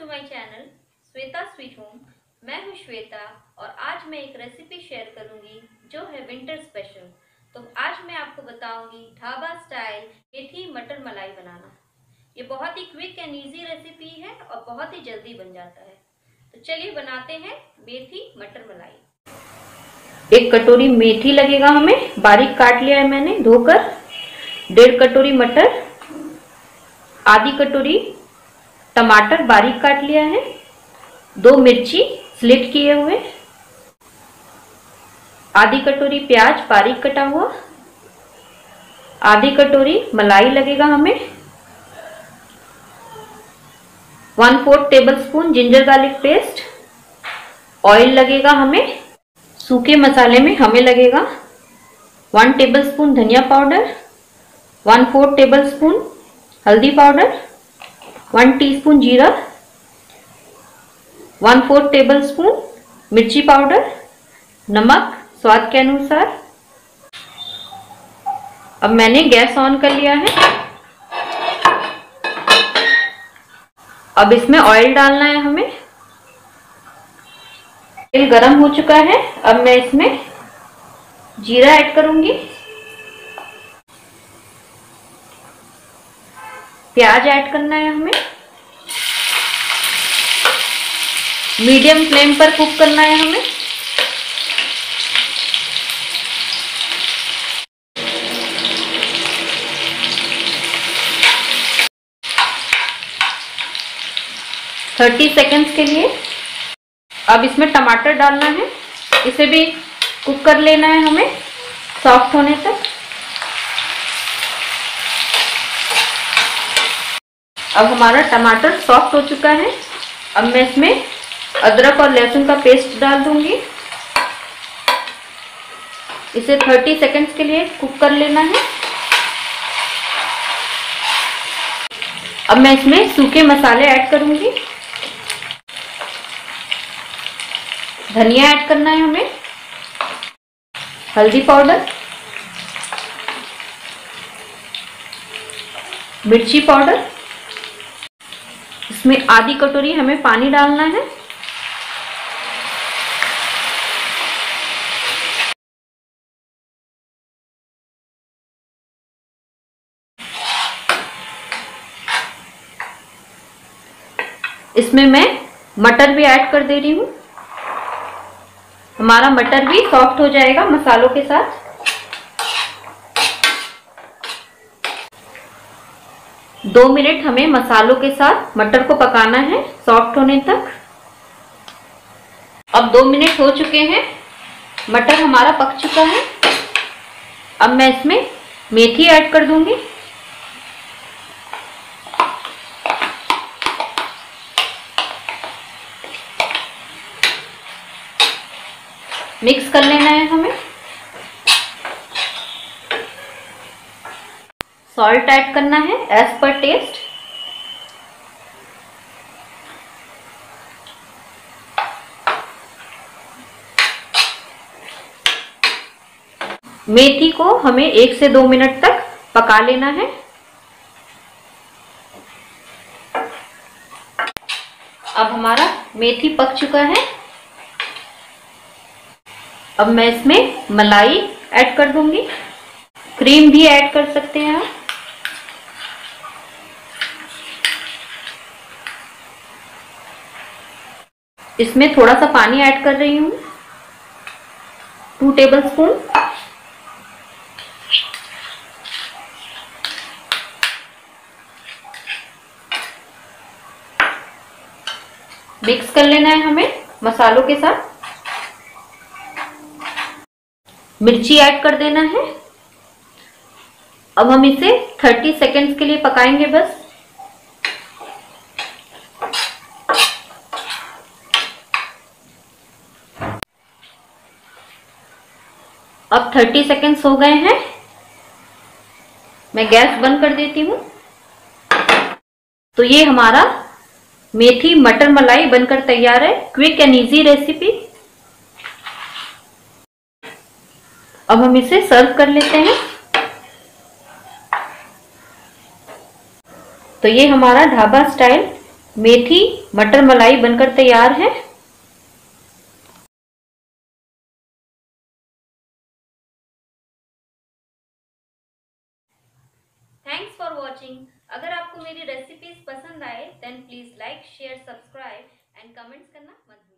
to my channel Shweta sweet home मैं हूं श्वेता और आज मैं एक रेसिपी शेयर करूंगी जो है विंटर स्पेशल तो आज मैं आपको बताऊंगी ढाबा स्टाइल मेथी मटर मलाई बनाना ये बहुत ही क्विक एंड इजी रेसिपी है और बहुत ही जल्दी बन जाता है तो चलिए बनाते हैं मेथी मटर मलाई एक कटोरी मेथी लगेगा हमें बारीक काट लिया है मैंने धोकर डेढ़ कटोरी मटर आधी कटोरी टमाटर बारीक काट लिया है दो मिर्ची स्लिट किए हुए आधी कटोरी प्याज बारीक कटा हुआ आधी कटोरी मलाई लगेगा हमें one fourth tablespoon ginger garlic paste oil लगेगा हमें सूखे मसाले में हमें लगेगा वन टेबल स्पून धनिया powder one fourth tablespoon हल्दी पाउडर वन टीस्पून जीरा वन फोर्थ टेबल स्पून मिर्ची पाउडर नमक स्वाद के अनुसार अब मैंने गैस ऑन कर लिया है अब इसमें ऑयल डालना है हमें तेल गरम हो चुका है अब मैं इसमें जीरा ऐड करूंगी प्याज ऐड करना है हमें मीडियम फ्लेम पर कुक करना है हमें थर्टी सेकेंड्स के लिए अब इसमें टमाटर डालना है इसे भी कुक कर लेना है हमें सॉफ्ट होने तक अब हमारा टमाटर सॉफ्ट हो चुका है अब मैं इसमें अदरक और लहसुन का पेस्ट डाल दूंगी इसे 30 सेकेंड्स के लिए कुक कर लेना है अब मैं इसमें सूखे मसाले ऐड करूंगी धनिया ऐड करना है हमें हल्दी पाउडर मिर्ची पाउडर इसमें आधी कटोरी हमें पानी डालना है इसमें मैं मटर भी ऐड कर दे रही हूं हमारा मटर भी सॉफ्ट हो जाएगा मसालों के साथ दो मिनट हमें मसालों के साथ मटर को पकाना है सॉफ्ट होने तक अब दो मिनट हो चुके हैं मटर हमारा पक चुका है अब मैं इसमें मेथी ऐड कर दूंगी मिक्स कर लेना है हमें सॉल्ट ऐड करना है एज पर टेस्ट मेथी को हमें एक से दो मिनट तक पका लेना है अब हमारा मेथी पक चुका है अब मैं इसमें मलाई ऐड कर दूंगी क्रीम भी ऐड कर सकते हैं आप इसमें थोड़ा सा पानी ऐड कर रही हूँ टू टेबल स्पून मिक्स कर लेना है हमें मसालों के साथ मिर्ची ऐड कर देना है अब हम इसे 30 सेकेंड्स के लिए पकाएंगे बस अब 30 सेकेंड्स हो गए हैं मैं गैस बंद कर देती हूं तो ये हमारा मेथी मटर मलाई बनकर तैयार है क्विक एंड इजी रेसिपी अब हम इसे सर्व कर लेते हैं तो ये हमारा ढाबा स्टाइल मेथी मटर मलाई बनकर तैयार है थैंक्स फॉर वॉचिंग अगर आपको मेरी रेसिपीज पसंद आए then please like share subscribe and comments करना मत